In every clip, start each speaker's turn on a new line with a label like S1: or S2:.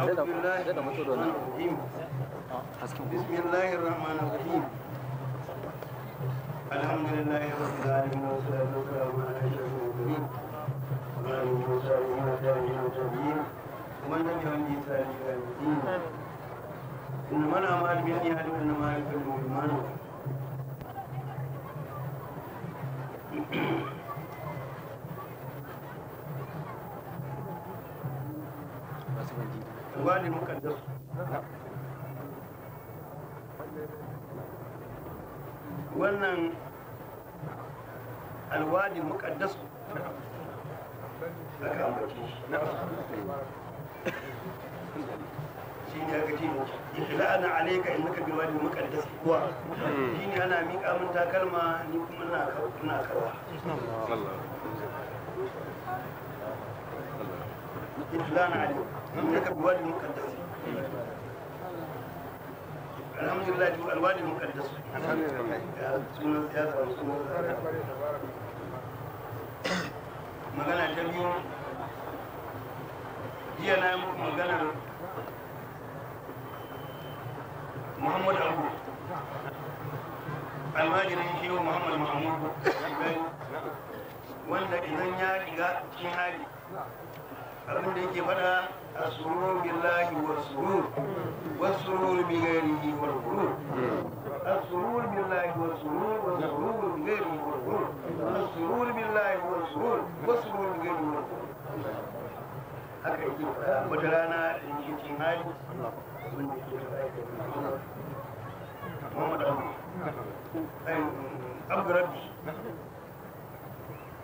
S1: بسم الله الرحمن الرحيم الحمد لله رب العالمين والصلاة والسلام على أشرف المرسلين وعلى آله وصحبه وسلم وتابعين ومن تبعهم بإحسان إلى يوم الدين إنما الأعمال بالنيات وإنما لكل مؤمن ba mukaddam wannan alwadi mukaddas aka ambace shi ne aka ce ikhla'ana alayka mukaddas kuwa shi ne ana miƙa min takalma ni kuma na na ka bi wadi muqaddas alhamdulillah alwadi muqaddas sunan ya zama magana ta biyu jiya na yi maganar muhammad abu almajirin shi muhammad mahmud wanda idan ya riga cikin hali karamin da yake fada a surur billahi wa surur wa surur bi ghairihi wa surur السرور بالله والسرور والسرور بغير والسرور السرور بالله والسرور والسرور بغير والسرور haka yake wata rana in yi cikin hali Abu Rabbi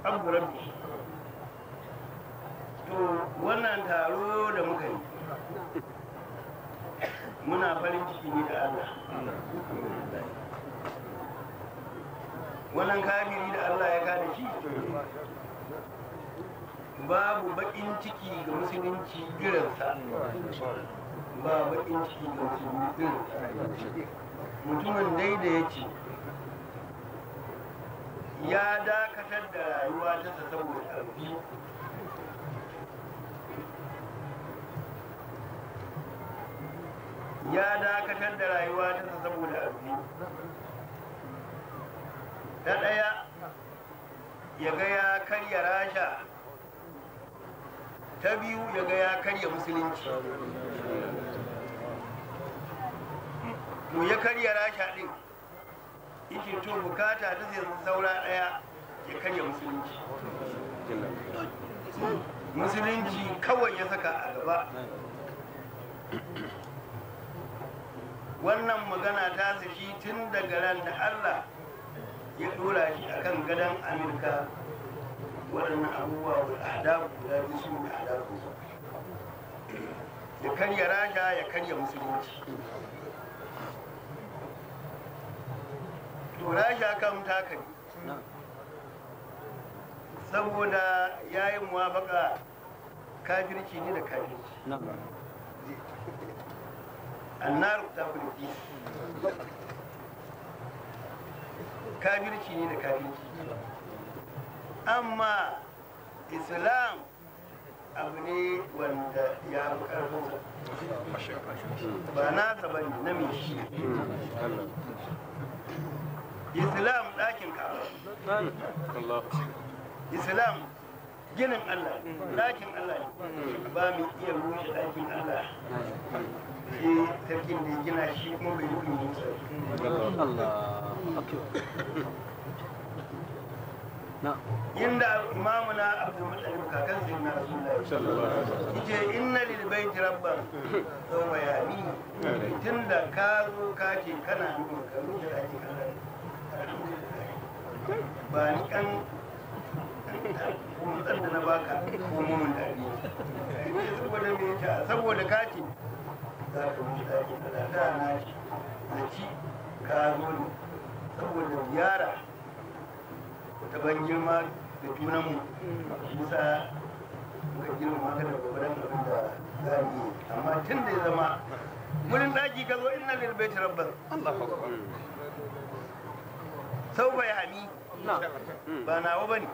S1: Abu Rabbi to wannan taro da muka yi muna farin ciki ne da Allah wannan kafiri da Allah ya kada shi babu bakin ciki ga musulunci irinsa ba bakin ciki ga musulunci irinsa mutumin dai da ya ce ya dakatar da rayuwa ta saboda abu ya dakatar da rayuwa ta saboda azumi na ɗaya ya ga ya karya rasha ta biyu ya ga ya karya musulunci mu ya karya rasha ɗin yake to bukata ta zai saura ɗaya ya karya musulunci musulunci kawai ya saka a gaba wannan magana ta saki tun daga ran da Allah ya dora shi akan gadon Amurka waɗannan abubuwa wa adabu guda biyu su ne adabu ya karya raja ya karya musulunci to raja kan takari saboda ya yi muwafaka kafirci ne da kafirci annaru ta kulki kafirci ne da kafirci amma islam abu ne wanda ya fi ba na ba ne na mai shi islam ɗakin kaba islam ginin allah ɗakin allah ba mu iya rushe ɗakin allah shi sarkin da ya gina shi kuma bai inda imamuna kakan sai na rasulullahi yace inna lil baiti rabban sawma yami tunda ka zo ka ce kana nuna ka rufe ka ce kana ba ni kan kuma na baka ko mun dadi saboda me saboda ka ce za ka mun ka ko kaza da na a ci ka zo ne saboda yara ta ban girma da junan mu musa muka girma ka da gwagwaran abin da za mu yi amma tun da ya zama wurin daji ka zo ina lil baiti rabban Allahu akbar sau bayani ba nawa bane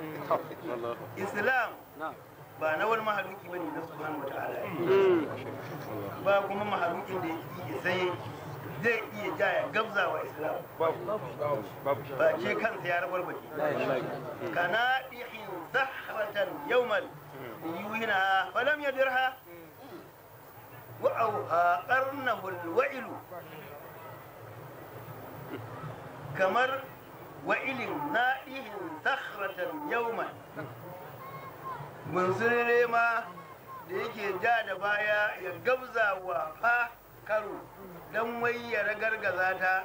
S1: islam ba na wani ba bane na subhanahu wa ta'ala hmm. ba kuma mahalukin da ya tsaye zai iya jaya gabza wa islam ba ce kansa ya rabar baki kana dihin zahratan yawmal yuhina falam yadirha wa auha qarnahu alwa'ilu kamar wa'ilin na'ihin zahratan yawmal mansur nema da yake ja da baya ya gabza wa fa karo don wai ya ragargaza ta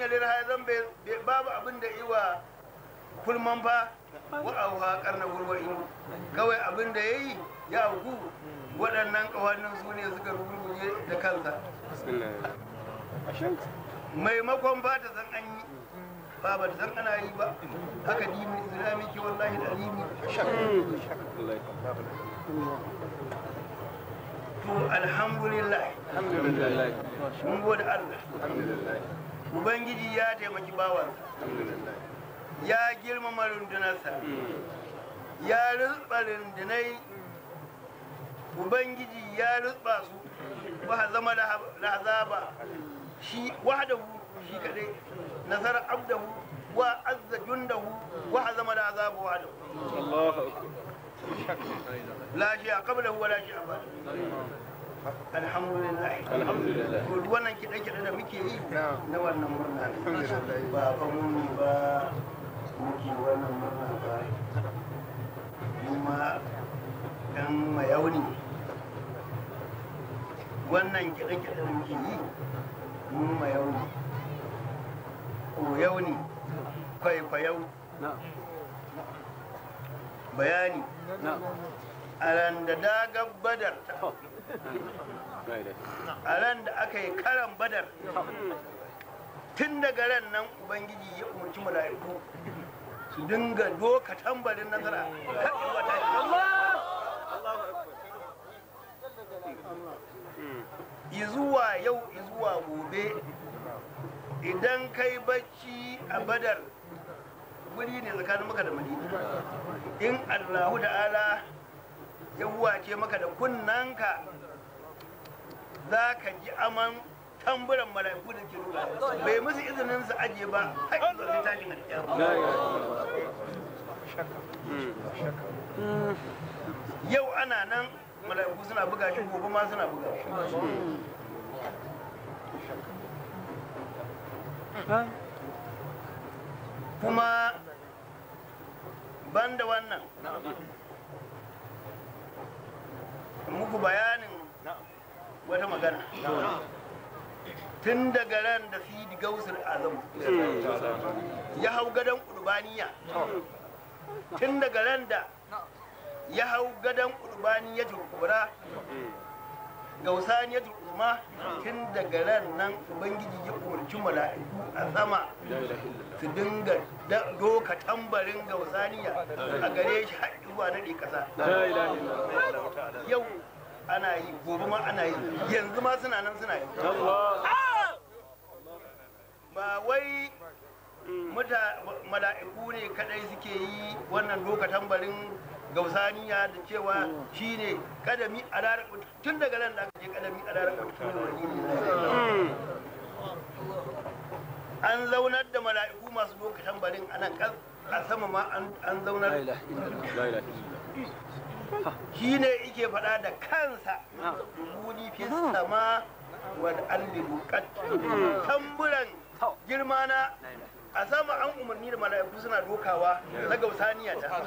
S1: ya lirha zan babu abin da iwa kulman fa wa auha karna gurwa'in kawai abin da ya ya auku waɗannan ƙawannin su ne suka rubuje da kansa maimakon ba ta san an yi ba ba zan ana yi ba haka dini islami ke wallahi da alimi to alhamdulillah alhamdulillah mun gode Allah alhamdulillah ubangiji ya taimaki bawan ya girmama rundunarsa hmm. ya rutsa rundunai ubangiji ya rutsa su ba zama da azaba shi wahadahu shi kadai nasara abdahu wa azza jundahu wa hazama da azabu wa lahu wa alhamdulillah alhamdulillah wannan kiɗe kiɗe da muke yi na wannan murna ba fa mun ba muke wannan murna ba kuma dan mayauni wannan kiɗe kiɗe da muke yi mun mayauni yau ne kwaikwayau bayani a ran da dagar badar a ran da aka yi karan badar tun daga ran nan ubangiji ya umarci mala'iku su dinga doka tambarin nasara kaɗin wata shi zuwa yau zuwa gobe idan kai bacci a badar wuri ne tsakanin maka da madina in allahu da'ala ya wace maka da kunnanka za ka ji aman tamburan mala'iku da ke nuna bai musu izinin su aje ba yau ana nan mala'iku suna buga shi gobe ma suna buga shi kuma banda wannan muku bayanin wata magana tun daga ran da fi gausar azam ya hau gadon urbaniya tun daga ran da ya hau gadon urbaniya gausa gausaniya turkura amma tun daga ran nan ubangiji ya umarci mala'iku a sama su dinga doka tambarin gausaniya a gare shi haɗi zuwa daɗe ƙasa yau ana yi gobe ma ana yi yanzu ma suna nan suna yi ba wai mala'iku ne kadai suke yi wannan doka tambarin gausaniya da cewa shi ne kadami a rara tun daga nan da aka je kadami a rara an zaunar da mala'iku masu doka tambarin a nan a sama ma an zaunar shi ne ike faɗa da kansa rubuni fi sama wa alli bukat hmm. tamburan Girmana, a sama an umarni da mala'iku suna dokawa na gausaniya ta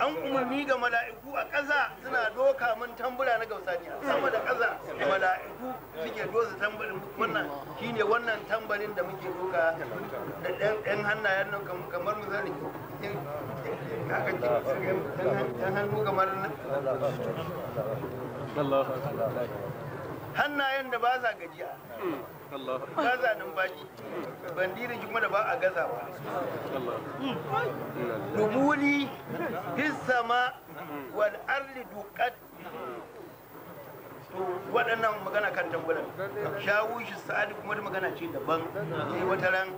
S1: an umarni ga mala'iku a ƙasa suna doka min tambura na gausaniya sama da ƙasa mala'iku suke dosa tambarin wannan shine wannan tambarin da muke doka da ɗan hannayen nan kamar misali ɗan hannu kamar Allah hannayen da ba sa gajiya ba sa numfashi bandirin kuma da ba a gaza ba dubuli fis sama wal arli waɗannan magana kan tambayar shawu shi sa'adu kuma magana ce daban ne eh, wata ran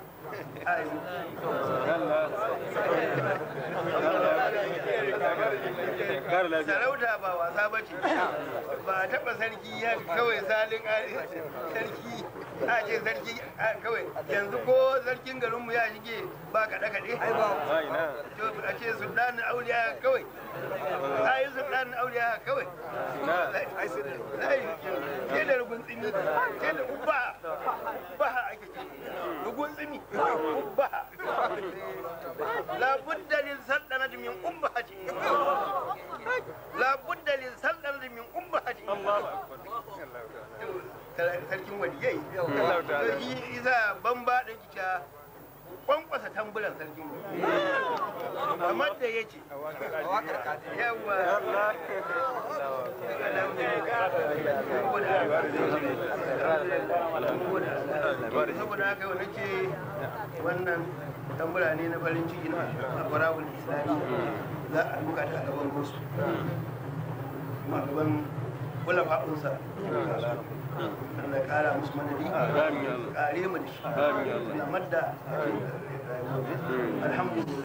S1: sarauta ba wasa ba ce ba taɓa sarki ya kawai salin sarki a ce sarki kawai yanzu ko sarkin garinmu ya shige ba kaɗe kaɗe a ce sultanin auliya kawai a yi sultanin auliya kawai ke da rugun tsimi ke da ubaha ubaha ake ce rugun tsimi ubaha labudda lil saltanat min umbahati labudda lil saltanat min umbahati Allahu akbar sarkin waliyai mm. isa ban ba da kica kwankwasa tambulan sarkin waliyai mm. kamar da ya ce saboda haka wani ce wannan tambula ne na farin ciki na alfarawul islami za a duka ta gaban gosu kuma gaban kula fa'unsa mm. Allah ya kara musu madadi amin ya Allah kare mu da shi amin ya Allah na madda alhamdulillah